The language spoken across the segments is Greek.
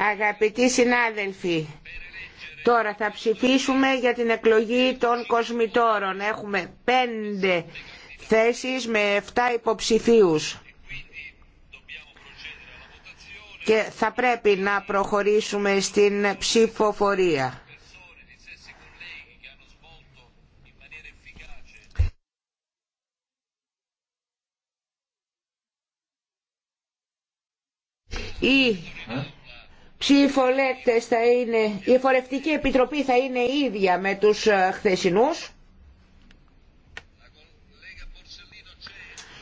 Αγαπητοί συνάδελφοι, τώρα θα ψηφίσουμε για την εκλογή των κοσμητόρων. Έχουμε πέντε θέσεις με εφτά υποψηφίους. Και θα πρέπει να προχωρήσουμε στην ψηφοφορία. οι ψηφολέκτε θα είναι, η φορευτική επιτροπή θα είναι ίδια με τους ε, χθεσινούς.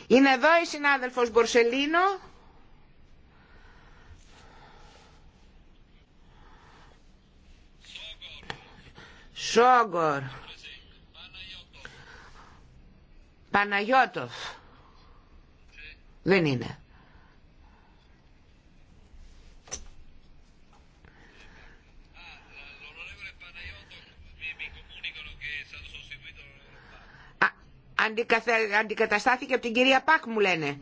Είναι εδώ η συνάδελφος Μπορσελίνο. Σόγκορ. Παναγιώτοφ. Δεν είναι. αντικαταστάθηκε από την κυρία Πακ μου λένε.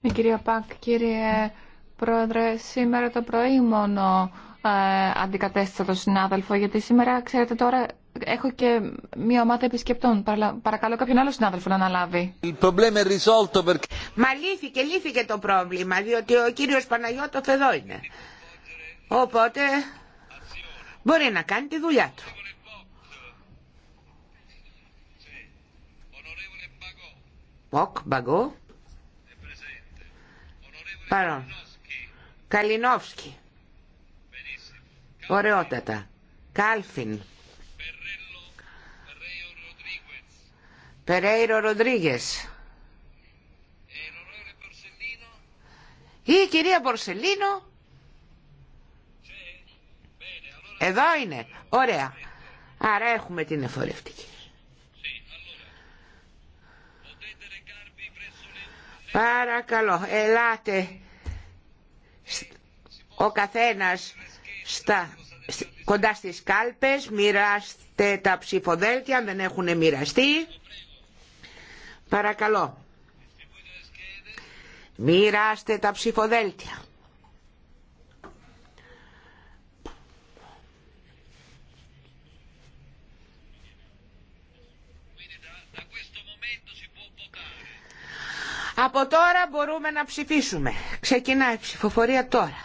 Ε, κυρία Πακ, κύριε Πρόεδρε, σήμερα το πρωί μόνο ε, αντικατέστησα τον συνάδελφο, γιατί σήμερα, ξέρετε, τώρα έχω και μια ομάδα επισκεπτών. Παρακαλώ κάποιον άλλο συνάδελφο να αναλάβει. Μα λύθηκε, λύθηκε το πρόβλημα, διότι ο κύριος Παναγιώτος εδώ είναι. Οπότε μπορεί να κάνει τη δουλειά του. Ποκ, μπαγκό. Παρόν. Καλινόφσκι. Ωραιότατα. Κάλφιν. Περέιρο Ροντρίγες. Ή η κυρία Μπορσελίνο. Εδώ είναι. Ωραία. Άρα έχουμε την εφορευτική. Παρακαλώ, ελάτε ο καθένας στα, κοντά στις κάλπες, μοιράστε τα ψηφοδέλτια, αν δεν έχουν μοιραστεί. Παρακαλώ. Μοιράστε τα ψηφοδέλτια. Από τώρα μπορούμε να ψηφίσουμε. Ξεκινάει η ψηφοφορία τώρα.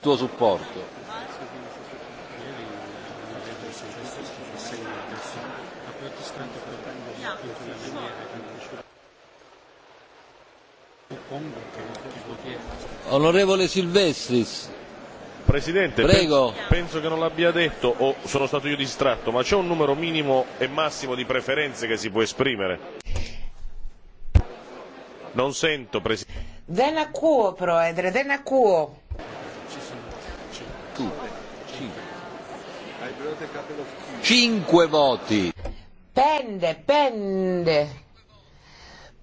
tuo supporto. Onorevole Silvestris. Presidente, Prego. penso che non l'abbia detto o sono stato io distratto, ma c'è un numero minimo e massimo di preferenze che si può esprimere. Non sento, Presidente. Δεν ακούω, Πρόεδρε, δεν ακούω. Cinque voti. Πέντε, πέντε.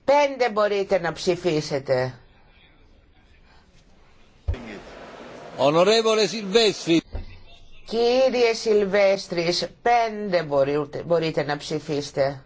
Πέντε μπορείτε να ψηφίσετε. Ονορεύολε Σιλβέστρη. Κύριε Σιλβέστρης, πέντε μπορείτε, μπορείτε να ψηφίσετε.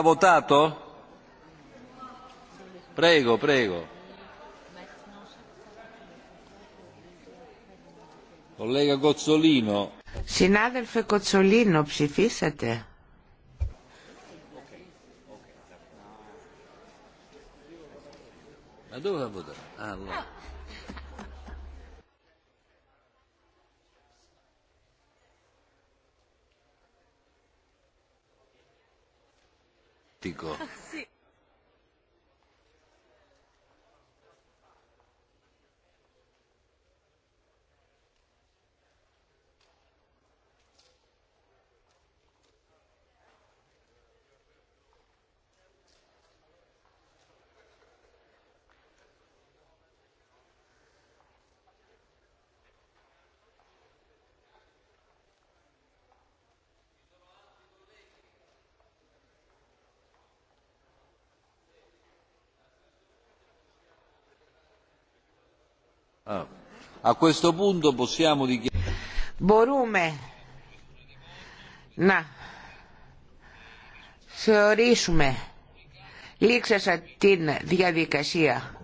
Ha votato? Prego, prego. Collega Gozzolino. Συνάδελφε Κοτσολίνο, ψηφίσατε. Ma dove ha votato? Ah, allora. Ευχαριστώ. Μπορούμε να θεωρήσουμε λήξασα την διαδικασία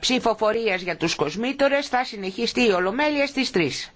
ψηφοφορίας για τους κοσμήτορες θα συνεχιστεί η Ολομέλεια στις 3.